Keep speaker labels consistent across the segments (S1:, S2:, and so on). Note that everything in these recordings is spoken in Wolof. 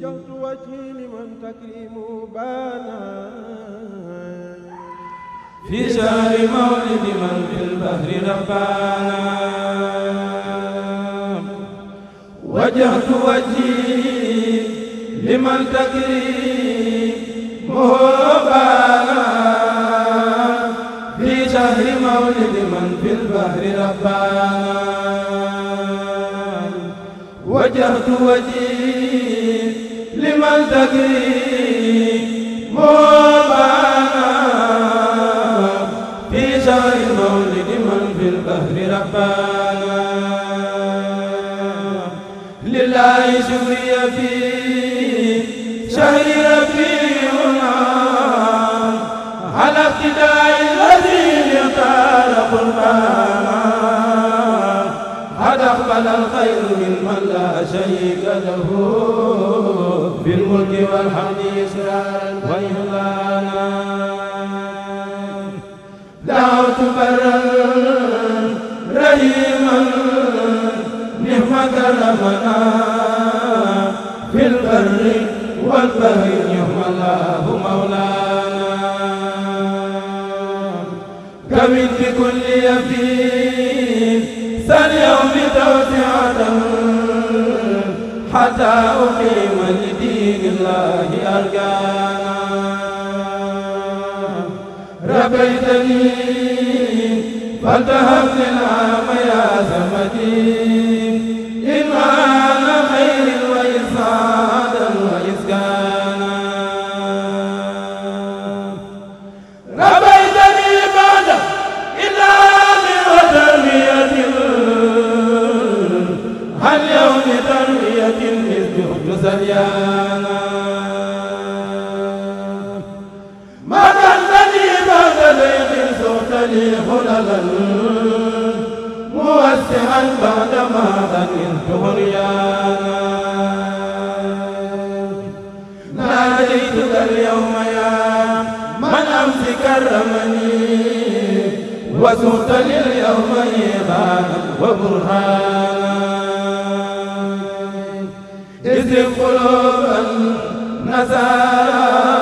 S1: جوت وجهي لمن تكريم بانا في شهر مولد من في البحر ربانا وجهت وجهي لمن تكريم بانا في شهر مولد من في البحر ربانا وجهت وجهي لله شكري في فعل الخير ممن لا شريك له بالملك والحمد إسرارا وإهلانا دعوت برا رحيما نعمة ربنا في البر والبر نعم الله مولانا كمن بكل يمين اليوم توسعة حتى أقيم لدين الله أركانا ربيتني فالتهمني العام يا سمدي لي هللا موسعا بعدما ظننت عريانا ناديتك اليوم يا من أمس كرمني وزرت لليوم إيمانا وبرهانا إذ قلوبا نزارا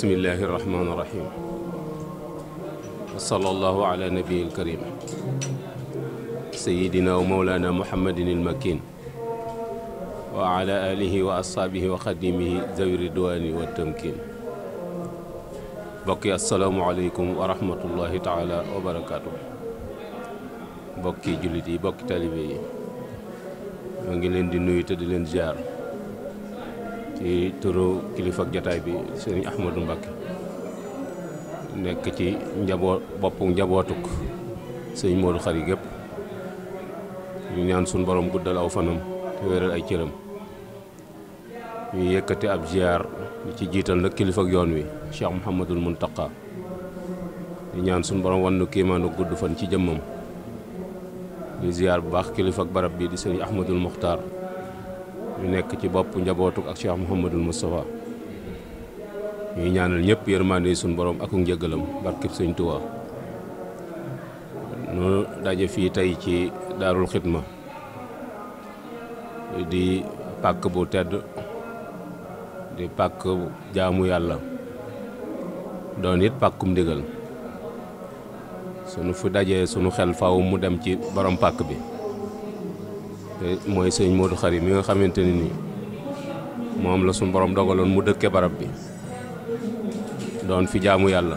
S2: bismillahi irrahmani irrahim wa sallallahu ala nabiyi alkarim sayidina wa mawlana muhammadin almakin wa ala alihi wa ashaabihi wa xadimihi zawi ridwaani wa tamkin mbokk yi asalaamualeykum wa rahmatullahi taala wa barakaatu mbokki jullit yi mbokki talibe yi maa ngi leen di nuyu te di leen ziar ci turu kilifa jataay bi sëriñ Ahmadou Mbacké nekk ci njaboot boppu njabootuk sëñ Modou Khary gépp ñu ñaan suñu borom guddal aw fanam te wéral ay cëram ñuy yëkkati ab ziar ci jiital nag kilifa yoon wi Cheikh Mouhamadul Mountakha ñu ñaan suñu borom wannu kiimaanu gudd fan ci jëmmam di ziar bu baax kilifa barab bi di sëñ Ahmadul Mokhtar ñu nekk ci bopp njabootuk ak Cheikh Mouhamadul Moustapha ñuy ñaanal ñëpp yërmande suñu borom ak njëgalam barkib sëñ Tuubaa nu daje fii tey ci daarul xidma di pàkk bu tedd di pàkk jaamu yàlla doon it pàkkum ndigal sunu fi dajee sunu xel faaw mu dem ci borom pàkk bi mooy sëñ Modou Khary mi nga xamante ne nii moom la suñu borom dogaloon mu dëkkee barab bi doon fi jaamu yàlla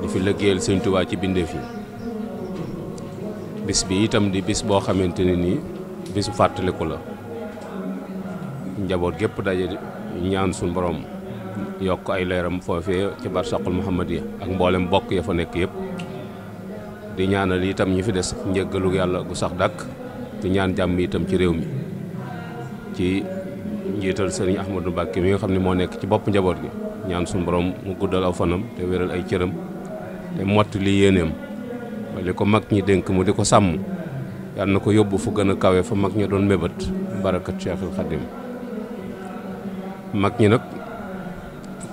S2: di fi liggéeyal sëñ Tuubaa ci bindéef yi bis bi itam di bis boo xamante ne nii bisu fàttaliku la njaboot gépp daje ñaan suñu borom yokk ay leeram foofee ci barsaqul muhammadiya ak mboolem bokk ya fa nekk yëpp di ñaanal itam ñi fi des njëggalu yàlla gu sax dàkk te ñaan jàmm itam ci réew mi ci njiital sëriñ Ahmadou Mbacke mi nga xam ne moo nekk ci bopp njaboot gi ñaan suñu borom mu guddal aw fanam te wéral ay cëram te mott li yéeneem li ko mag ñi dénk mu di ko sàmm yàlla na ko yóbbu fu gën a kawe fa mag ña doon mébét barakat Cheikhul Khadim mag ñi nag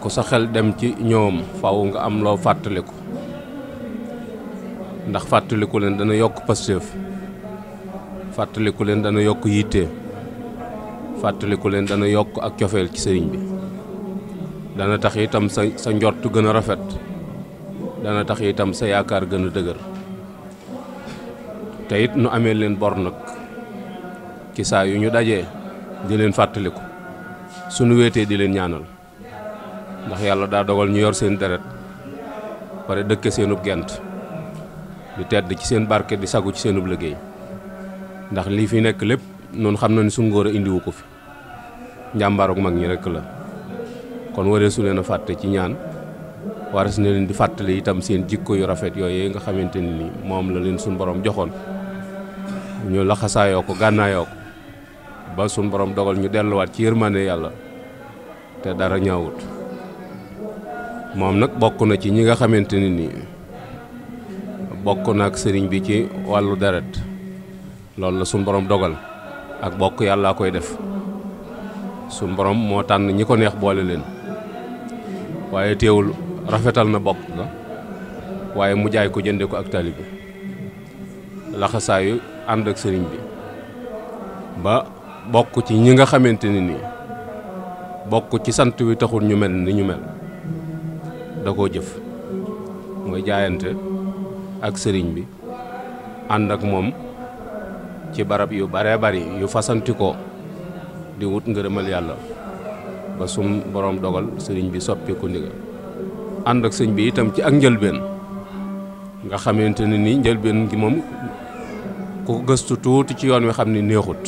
S2: ko sa xel dem ci ñoom faw nga am loo fàttaliku ndax fàttaliku leen dana yokk pastéef fàttaliku leen dana yokk yitte fàttaliku leen dana yokk ak cofeel ci sëriñ bi dana tax itam sa sa njot gën a rafet dana tax itam sa yaakaar gëna a dëgër te it nu amee leen bor nag ci yu ñu dajee di leen fàttaliku sunu wéetee di leen ñaanal ndax yàlla daa dogal ñu yor seen deret pare dëkke seenub gent di tedd ci seen barke di sagu ci seenub liggéey ndax lii fi nekk lépp noonu xam na ne suñu indiwu ko fi njàmbaarug mag ñi rekk la kon waree su leen a fàtte ci ñaan waras na leen di fàttali itam seen jikko yu rafet yooyu nga xamante ne ni moom la leen suñu boroom joxoon ñu laxasaayoo ko gànnaayoo ko ba suñu boroom dogal ñu delluwaat ci yërmande yàlla te dara ñaawut moom nag bokk na ci ñi nga xamante ne ni bokk na ak sëriñ bi ci wàllu deret loolu la suñ borom dogal ak bokk yàllaa koy def suñ borom moo tànn ñi ko neex boole leen waaye teewul rafetal na bokk la waaye mu jaay ko jënde ko ak taalibe laxasaayu ànd ak sëriñ bi ba bokk ci ñi nga xamante ne nii bokk ci sant wi taxul ñu mel ni ñu mel da koo jëf mooy jaayante ak sëriñ bi ànd ak moom ci barab yu bare bari yu fasantikoo di wut ngërëmal yàlla ba sum borom dogal sëriñ bi soppiku ndigal ànd ak sëñ bi itam ci ak njëlbeen nga xamante ne ni njëlbéen gi moom ku ko gëstu tuuti ci yoon wi xam ne neexut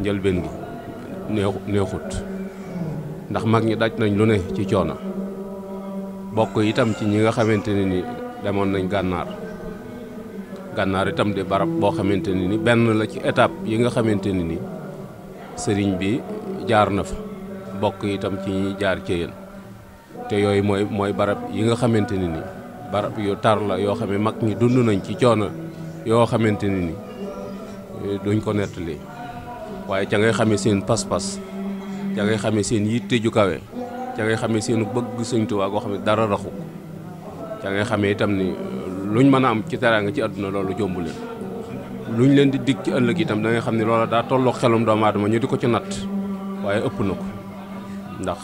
S2: njëlbéen gi neexu ndax mag ñi daj nañ lu ne ci coono bokk itam ci ñi nga xamante ne ni demoon nañ gànnaar gànnaar itam di barab boo xamante ne ni benn la ci étape yi nga xamante ne ni sëriñ bi jaar na fa bokk itam ci ñuy jaar ci yéen te yooyu mooy mooy barab yi nga xamante ne ni barab yu tar la yoo xam ne mag ñi dund nañ ci coono yoo xamante ne ni eh, duñ ko nettali waaye ca ngay xamee seen paspas pas ca ngay xamee seen yitte ju kawe ca ngay xamee seen bëgg Sëñ waa goo xam ne dara raxu ca ngay xamee itam ni. lu ñu mën a am ci teraanga ci àdduna loolu jombu leen luñ leen di dikk ci ëllëg itam da xam ne loola daa tolloo xelum doomu aadama ñu di ko ci natt waaye ëpp na ko ndax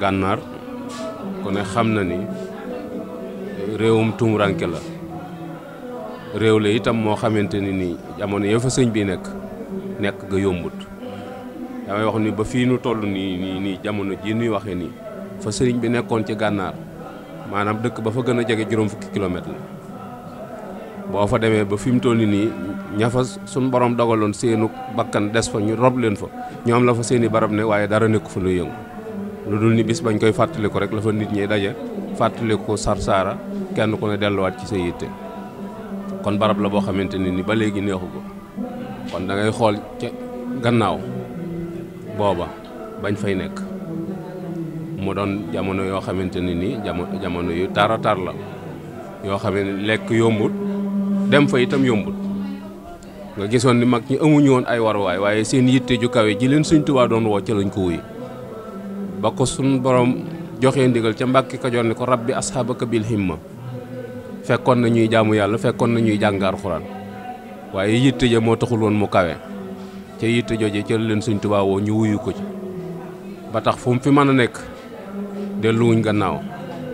S2: gànnaar ku ne xam na ni réewum tumuranke la réew la itam moo xamante ni nii jamono ya fa sëñ bi nekk nekk ga yombut damay wax ni ba fii nu toll nii nii nii jamono ji nuy waxee nii fa sëriñ bi nekkoon ci gànnaar maanaam dëkk ba fa gën a jege juróom fukki kilomètre la boo fa demee ba fi mu toll nii ña fa suñ borom dogaloon seenu bakkan des fa ñu rob leen fa ñoom la fa seeni barab ne waaye dara nekku fa luy yëngu lu dul ni bis bañ koy fàttaliku rek la fa nit ñi daje fàttaliku sarsaara kenn ku ne delluwaat ci sa yitte kon barab la boo xamante ne ni ba léegi neexu ko kon da ngay xool ca gannaaw booba bañ fay nekk mu doon jamono yoo xamante ne nii jamono yu tara tar la yoo xam ne lekk yombut dem fa itam yombut nga gisoon ni mag ñi amuñu woon ay waruwaay waaye seen yitte ju kawe ji leen Sëñ Tuubaa doon woo ca lañ ko wuyu ba ko suñ borom joxee ndigal ca Mbàkke Kajoor ni ko rabbi asxaabaka bil himma fekkoon na ñuy jaamu yàlla fekkoon na ñuy jàngaar xuraan waaye yitte ja moo taxul woon mu kawe ca yitte jooje ca leen Sëñ Tuubaa woo ñu wuyu ko ci ba tax fu delluwuñ gannaaw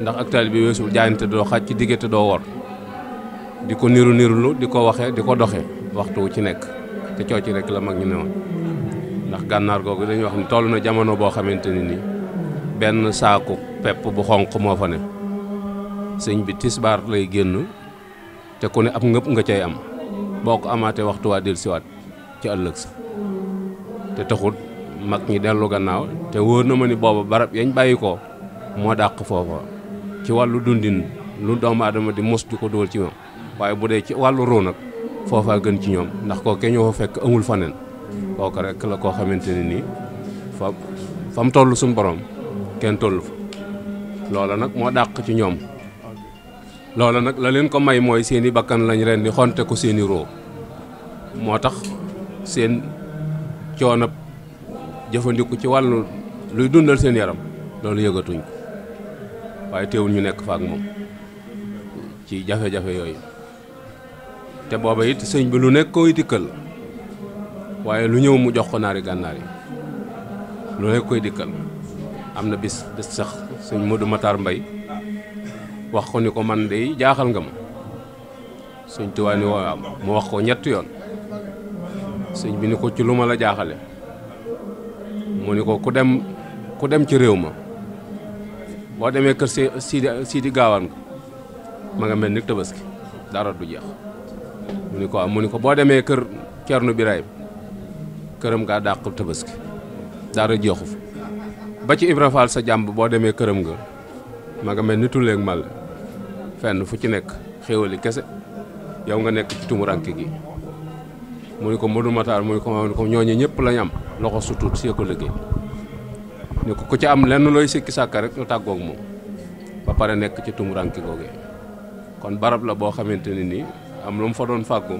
S2: ndax ak taalibe bi weesul jaayante doo xaaj ci diggante doo wor di ko niru nirulu di ko waxee di ko doxe waxtu wu ci nekk te coo ci rek la mag ñu ne woon ndax gànnaar googu dañuy wax ni toll na jamono boo xamante ni ni benn saaku pepp bu xonq moo fa ne sëñ bi tisbaar lay génn te ku ne ab ngëpp nga cay am boo ko amaatee waxtu waa dellusiwaat ci ëllëg sa te taxut mag ñi dellu gannaaw te wóor na ma ni booba barab yañ bàyyi ko moo dàq foofa ci wàllu dundin lu doomu aadama di mos di ko dóol ci moom waaye bu dee ci wàllu roo nag foofaa gën ci ñoom ndax koo ke fa fekk amul faneen kooku rek la koo xamante ne nii fa fa mu toll suñu borom kenn tollu fa loola nag moo dàq ci ñoom loola nag la leen ko may mooy seen i bakkan lañu ren di xonte ko seeni roo moo tax seen coono jëfandiku ci wàllu luy dundal seen yaram loolu yégatuñ waaye teewul ñu nekk fa ak moom ci jafe-jafe yooyu te booba it sëñ bi lu nekk koy dikkal waaye lu ñëw mu jox ko naari gànnaar yi lu nekk koy dikkal am na bis bis sax sëñ Modou Matar Mbay wax ko ni ko man de jaaxal nga ma sëñ Tuubaa ni waaw mu wax ko ñett yoon sëñ bi ni ko ci lu ma la jaaxale mu ni ko ku dem ku dem ci réew ma boo demee kër Sidi Sidi Gaawaan ko ma nga mel ni tabaski dara du jeex mu ni ko am mu ni ko boo demee kër Ceerno Birahim këram gaa dàq tabaski dara jeexu fa ba ci Ibra Fall sa jàmb boo demee këram nga ma nga mel ni tulleeg mal fenn fu ci nekk xéwali kese yow nga nekk ci tumuranke gi mu ni ko Modou Matar mu ni ko ñooñu ñëpp lañ am loxo su tuut see ko liggéey ne ko ku ci am lenn looy sikki sàkka rek ñu tàggoog moom ba pare nekk ci tumuranke googe kon barab la boo xamante ne nii am lu mu fa doon fàggu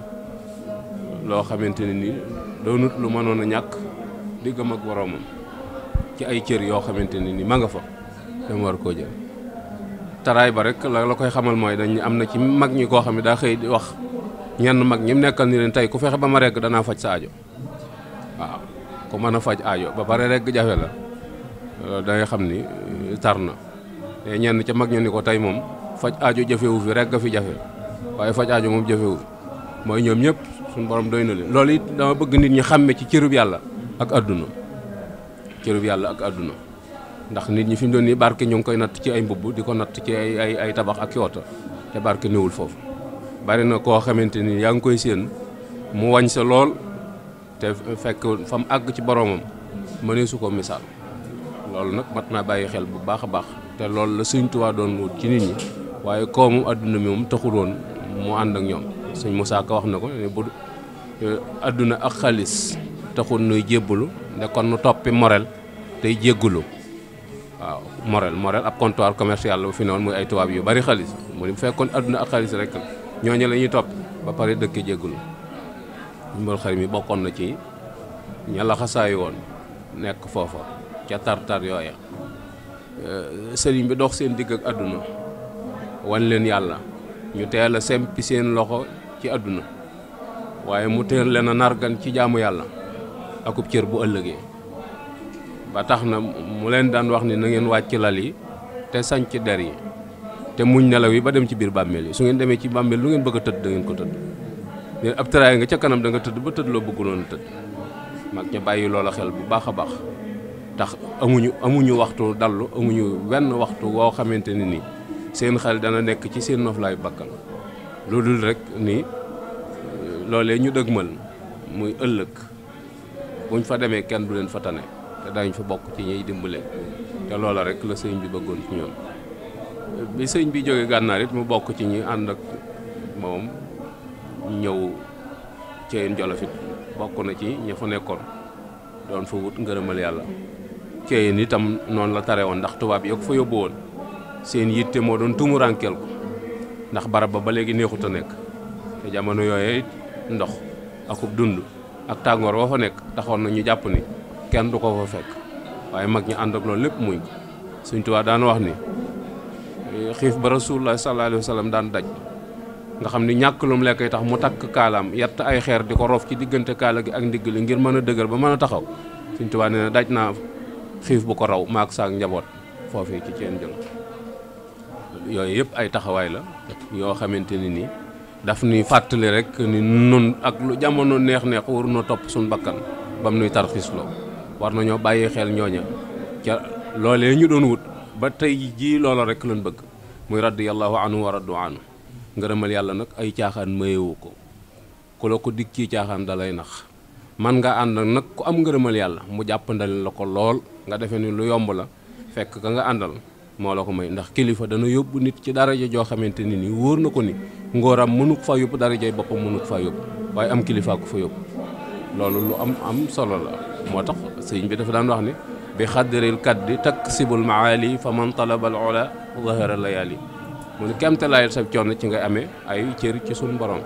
S2: loo xamante ne nii doonut lu mënoon a ñàkk diggam ak boroomam ci ay cër yoo xamante ne nii ma nga fa te mu war koo jël taraay ba rek la la koy xamal mooy dañ am na ci mag ñi koo xam ne daa xëy di wax ñenn mag ñi nekkal ni leen tey ku fexe ba ma regg danaa faj sa aajo waaw ku mën a faj aajo ba pare regg jafe la Euh, da ngay xam ni euh, tar na te ñenn ca mag ñu ni ko tey moom faj aajo jafewu fi rek a fi jafe waaye faj aajo moom jafewu mooy ñoom ñëpp suñu borom doy na leen loolu it dama bëgg nit ñi xàmme ci cërub yàlla ak àdduna cërub yàlla ak àdduna ndax nit ñi fi mu doon nii barke ñu ngi koy natt ci ay mbubb di ko natt ci ay ay tabax ak yoota te barke néewul foofu bari na koo xamante ni yaa ngi koy séen mu wañ sa lool te fekk fam àgg ci boromam mënee su ko misaal loolu nag mat naa bàyyi xel bu baax a baax te loolu la suñ Tuubaa doon wut ci nit ñi waaye koomu àdduna mi moom taxul woon mu ànd ak ñoom Sëñ Musaa Ka wax na ko ne bu adduna ak xaalis taxul nuy jébbalu ne nu toppi morel tey jéggalu waaw morel morel ab comptoir la bu fi newoon muy ay tubaab yu bari xaalis mu ne bu fekkoon ak xaalis rek ñooñu la ñuy topp ba pare dëkk jéggalu mbal xarit mi bokkoon na ci ña woon nekk foofa ca tar-tar yooya euh, sëriñ bi dox seen digg ak àdduna wan leen yàlla ñu teel a sempi seen loxo ci àdduna waaye mu teel leen a nargan ci jaamu yàlla akub cër bu ëllëgee ba tax na mu leen daan wax ni na ngeen wàcc lal yi te sanc der yi te muñ nelaw yi ba dem ci biir bàmmeel yi su ngeen demee ci bàmmeel lu ngeen bëgg a tëdd da ko tëdd leen ab nga ca kanam da nga tëdd ba tëdd loo bëgguloon a tëdd mag ña bàyyi loola xel bu baax a baax ndax amuñu amuñu waxtu dallu amuñu wenn waxtu woo xamante ni nii seen xel dana nekk ci seen noflaay bakkan lu dul rek ni loolee ñu dëgmal muy ëllëg buñ fa demee kenn du leen fa te daañu fa bokk ci ñuy dimbale te loola rek la sëñ bi bëggoon ci ñoom bi sëñ bi jógee gànnaar it mu bokk ci ñi ànd ak moom ñëw ceen jolofit bokk na ci ña fa nekkoon doon fa wut ngërëmal yàlla ceeyeen tam noon la tare woon ndax tubaab yi ko fa yóbbu woon seen yitte moo doon tumurankeel ko ndax barab ba ba léegi neexut a nekk te jamono yooye ndox akub dund ak tàngoor wa fa nekk taxoon nañu jàpp ni kenn du ko fa fekk waaye mag ñi ànd loolu lépp muñ ko suñ tubaab daan wax ni xiif ba rasulullah sallallahu alayhi wa daan daj nga xam ni ñàkk lum lekk yi tax mu takk kaalaam yatt ay xeer di ko rof ci diggante kaala gi ak ndigg li ngir mën a dëgër ba mën a taxaw xiif bu ko raw maak saak njaboot foofii ci ceen jël yooyu yëpp ay taxawaay la yoo xamante ni nii daf nuy fàttali rek ni nun ak lu jamono neex neex war na topp suñu bakkan bam nuy tarxisloo war nañoo bàyyi xel ñooña ca loolee ñu doon wut ba tey jii loola rek lañ bëgg muy radiyallahu anhu wa radu anhu ngërëmal yàlla nag ay caaxaan mayewu ko ku la ko dig ci caaxaan dalay nax man nga ànd nag ku am ngërëmal yàlla mu jàppandal la ko lool nga defee ni lu yomb la fekk ka nga àndal moo la ko may ndax kilifa dana yóbbu nit ci daraja joo xamante ni nii wóor na ko ni ngóoram mënu ko faa yóbbu darajay boppam mënu ko faa yóbbu waaye am kilifaa ko fa yóbbu loolu lu am am solo la moo tax sëñ bi dafa daan wax ne bi xaddiril kaddi taksibul maali fa man talabal ola zahara layaali mu ne kemtalaayal sa coono ci nga amee ay cër ci suñu borom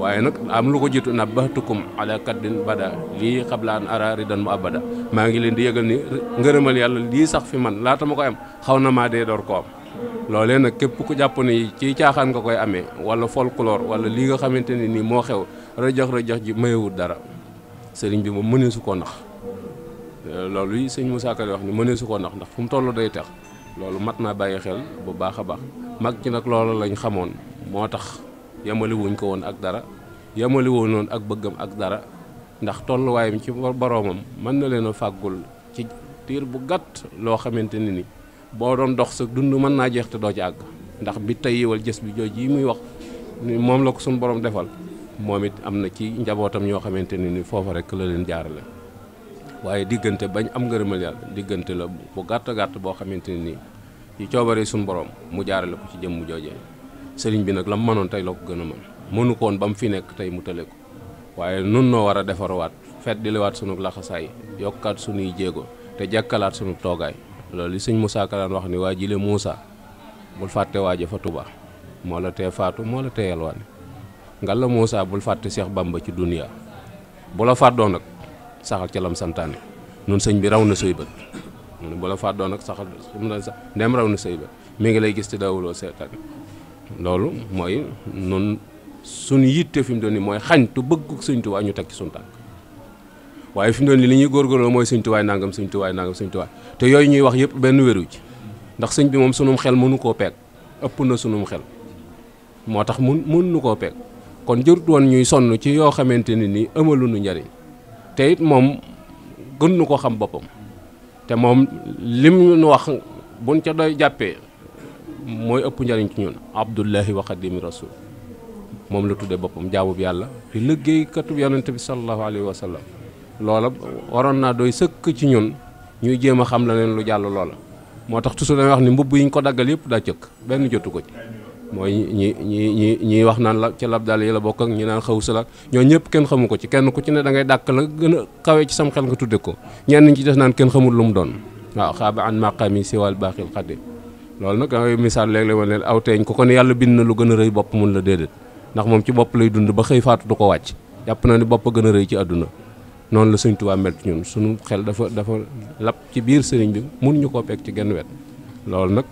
S2: waaye nag am lu ko jiitu na baxtukum ala kaddin bada lii xablaan an ara ridan mu abada maa ngi leen di yëgal ni ngërëmal yàlla lii sax fi man laata ma koy am xaw na maa dee door ko am loolee nag képp ku jàpp ni ci caaxaan nga koy amee wala folklore wala lii nga xamante ne nii moo xew rajax rajax ji mayewut dara sëriñ bi moom mëneesu su koo nax loolu yi sëñ Moussa Ka wax ni mënee su koo nax ndax fu mu toll day tax loolu mat naa bàyyi xel bu baax a baax mag ci nag loolu lañ xamoon moo tax yamali ko woon ak dara yamali noonu ak bëggam ak dara ndax tolluwaayam ci boroomam mën na leen fàggul ci tiir bu gàtt loo xamante ne ni boo doon dox sa dund mën naa jeex te doo ci àgg ndax bi tey wal jës bi jooj yi muy wax ni moom la ko suñu borom defal moom it am na ci njabootam ñoo xamante ne ni foofa rekk la leen jaarale waaye diggante bañ am ngërëmal yàlla diggante la bu gàtt gàtt boo xamante ne ni ci coobaree suñu borom mu jaarale ko ci jëmm joojee sëriñ bi nag la mu mënoon tey la ko gën a mën mënu ko ba mu fi nekk tey mu tële ko waaye nun noo war a defarwaat fet diliwaat sunu laxasaay yokkaat sunuy jéego te jàkkalaat sunu toogaay loolu li sëñ Moussa Ka daan wax ni waa jile Moussa bul fàtte waaje fa Tuba moo la te faatu moo la tee yalwaane nga la muusaa bul fàtte Cheikh Bamba ci duniya bu la fàddoo nag saxal ca lam santaane nun sëñ bi raw na say bët mu ne bu la fàddoo nag saxal ndem raw na say bët mi ngi lay gis te daawuloo seetaan loolu mooy nun suñu yitte fi mu doon nii mooy xañtu bëgg Sëñ Tuubaa ñu teg ci suñ tànk waaye fi mu doon nii li ñuy góorgóorloo mooy Sëñ Tuubaa nangam Sëñ Tuubaa nangam Sëñ Tuubaa te yooyu ñuy wax yëpp benn weru ci ndax sëñ bi moom sunum xel mënu koo peeg ëpp na sunum xel moo tax mun mënu koo peeg kon jërut woon ñuy sonn ci yoo xamante ne nii amaluñu njariñ te moom gën nu ko xam boppam te moom lim nu wax buñ ca doy jàppee. mooy ëpp njariñ ci ñun abdullahi wa xadimi rasul moom la tuddee boppam bi yàlla di liggéeykatub yonent bi sallallahu alayhi wa sallam loola waroon naa doy sëkk ci ñun ñuy jéem a xam la leen lu jàll loola moo tax toujours dañuy wax ni mbubb yi ñu ko daggal yëpp daa cëkk benn jotu ko ci mooy ñi ñi ñi ñuy wax naan la ci lab daal yi la bokk ak naan xaw sa la ñoo ñëpp kenn xamu ko ci kenn ku ci ne da ngay dàkk la gën a kawe ci sam xel nga tudde ko ñenn ci des naan kenn xamul lu mu doon waaw xaaba an maqami siwal baaxil xadim loolu nag dangay misaal léeg-léeg ma leen aw teeñ ko kon yàlla bind na lu gën a rëy bopp mun la déedéet ndax moom ci bopp lay dund ba xëy faatu du ko wàcc jàpp na ni bopp a gën a rëy ci àdduna noonu la sëñ Tuubaa mel ñun suñu xel dafa dafa lapp ci biir sëriñ bi mun ñu koo peeg ci genn wet loolu nag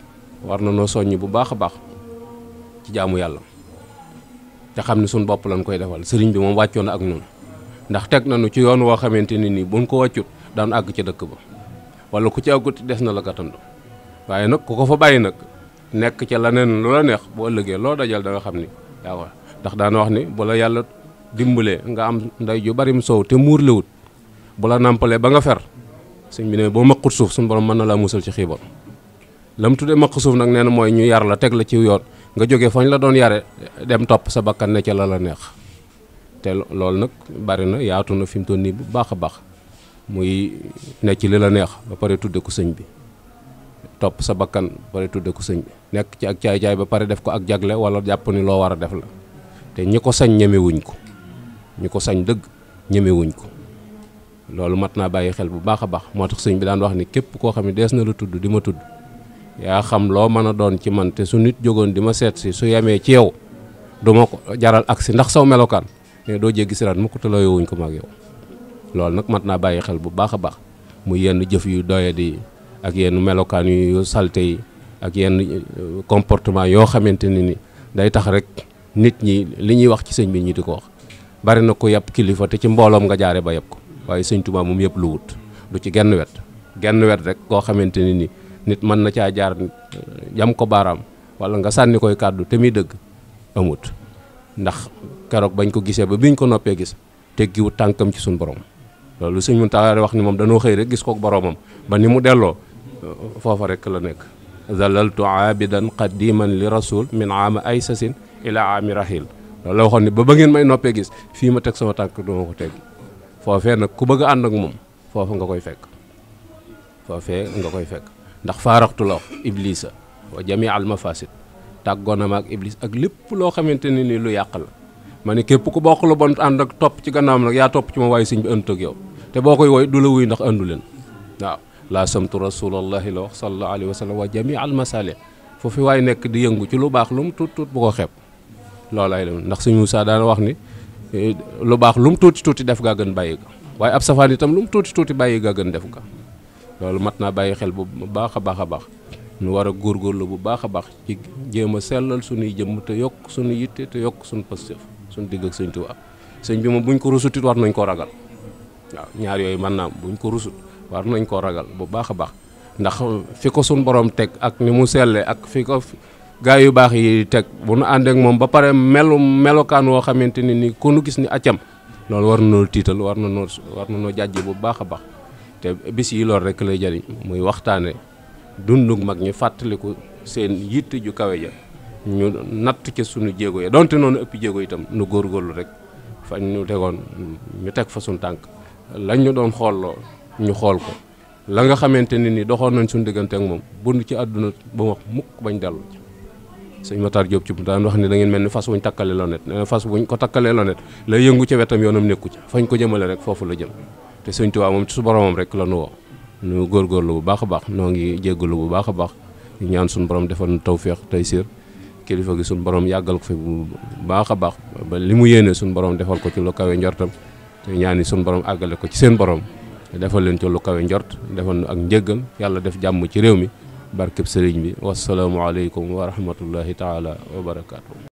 S2: war na noo soññ bu baax a baax ci jaamu yàlla te xam ne sunu bopp lañ koy defal sëriñ bi moom wàccoon na ak ñun ndax teg nañu ci yoon woo xamante ni nii buñ ko wàccut daan àgg ci dëkk ba wala ku ci àggut des na la gàttandu waaye nag ku ko fa bàyyi nag nekk ca la neen lu la neex boo ëllëgee loo dajal da nga xam ni yaa ndax daana wax ni bu la yàlla dimbalee nga am nday ju bari mu soow te muur lewut bu la nàmpalee ba nga fer sëñ bi ne boo maqut suuf suñu borom mën na laa musal ci xiibon lam tuddee maq suuf nag nee na mooy ñu yar la teg la ci yoon nga jógee fooñ la doon yare dem topp sa bakkan ne la la neex te loolu nag bari na yaatu na fi mu toll nii bu baax a baax muy ne ci li la neex ba pare tudde sëñ bi topp sa bakkan pare tudde ko sëñ bi nekk ci ak caay-caay ba pare def ko ak jagle wala jàpp ni loo war a def la te ñi ko sañ ñemewuñ ko ñi ko sañ dëgg ñemewuñ ko loolu mat naa bàyyi xel bu baax a baax moo tax sëñ bi daan wax ni képp koo xam ne dees na lu tudd di ma tudd yaa xam loo mën a doon ci man te su nit jógoon di ma seet si su yemee ci yow du ma ko jaral ak si ndax saw melokaan mais doo jéggi siraat mu ko te looyowuñ ko maag yow loolu nag mat naa bàyyi xel bu baax a baax muy yenn jëf yu doye di ak yenn melokaan yu salte yi ak yenn euh, comportement yoo xamante ne ni day tax rek nit ñi li ñuy wax ci sëñ bi ñi di ko wax bari na ko yàpp kilifa te ci mbooloom nga jaare ba yàpp ko waaye sëñ Tuubaa moom yëpp lu wut lu ci genn wet genn wet rek koo xamante ne ni nit mën na caa jaar jam euh, ko baaraam wala nga sànni koy kàddu te muy dëgg amut ndax keroog bañ ko gisee ba biñ ko noppee gis te teggiwu tànkam ci suñu borom loolu sëñ Muntaxa wax ni moom danoo xëy rek gis kook boroomam ba ni mu delloo foofa rek la nekk zalaltu aabidan qadiman li rasul min aama aysasin ila aami rahil loolu la waxoon ne ba ba ngeen may noppee gis fii ma teg sama tànk duma ko teg foofee nag ku bëgg ànd ak moom foofa nga koy fekk foofe nga koy fekk ndax faaraxtu la wax iblisa wa jamii al mafasid tàggoon na ak iblis ak lépp loo xamante ne nii lu yàq la ma ne képp ku bokk lu bon ànd ak topp ci gannaawam nag yaa topp ci ma waaye sëñ bi ënt ak yow te boo koy woy du ndax àndu leen laa samtu rasulallahi la wax sallallahu alayhi wa sallam wa jamii al masali fu waay nekk di yëngu ci lu baax lu mu tuut tuut bu ko xeeb loolaay dem ndax suñu Moussa daana wax ni eh, lu baax lu mu tuuti tuuti def gaa gën bàyyi ga waaye ab safaan itam lu mu tuuti tuuti bàyyi gaa gën def ga loolu mat naa bàyyi xel bu baax a baax a baax ñu war a góor góorgóorlu bu baax a baax ci jéem a sellal suñuy jëmm te yokk suñu yitte te yokk suñu pëstëf suñu digg ak sëñ Tuubaa sëñ bi moom buñ ko rusutit war nañ ko ragal waaw ñaar yooyu man naa buñ ko rusut war nañ koo ragal bu baax a baax ndax fi ko suñ borom teg ak ni mu sellee ak fi ko gaa yu baax yi teg bu nu àndeek moom ba pare melu melokaan woo xamante ni ni ku gis ni accam loolu war na noo tiital war na noo war na noo jàjj bu baax a baax te bis yi loolu rek lay jariñ muy waxtaane dundug mag ñi fàttaliku seen yitt ju kawe ja ñu natt ca sunu jéego ya donte noonu ëpp jéego itam nu góorlu rek fa ñu tegoon ñu teg fa sunu tànk lañ ñu doon xoolloo ñu xool ko la nga xamante ne ni doxoon nañ suñu digganteek ak moom buñ ci àdduna ba wax mukk bañ dellu ci sëñ Matar Diop ci mu daan wax ne da ngeen mel ni fas wuñ takkale lonet nee eh, na fas wuñ ko takkalee lonet la yëngu ci wetam yoonam nekku ci fañ ko jëmale rek foofu la jëm te sëñ Tuubaa moom ci su boromam rek la nu woo ñu góorgóorlu bu baax a baax noo ngi jéggalu bu baax a baax ñaan suñu borom defal nu tawféex taysiir kilifa gi suñu borom yàggal ko fi bu baax a baax ba li mu yéene suñu borom defal ko ci lu kawee njortam te ñaani suñu borom àggale ko ci seen borom defal leen ca lu kawe njort defal nu ak njëggam yàlla def jàmm ci réew mi barkeb sëriñ bi wasalaamualeykum wa rahmatullahi taala wa barakaatu.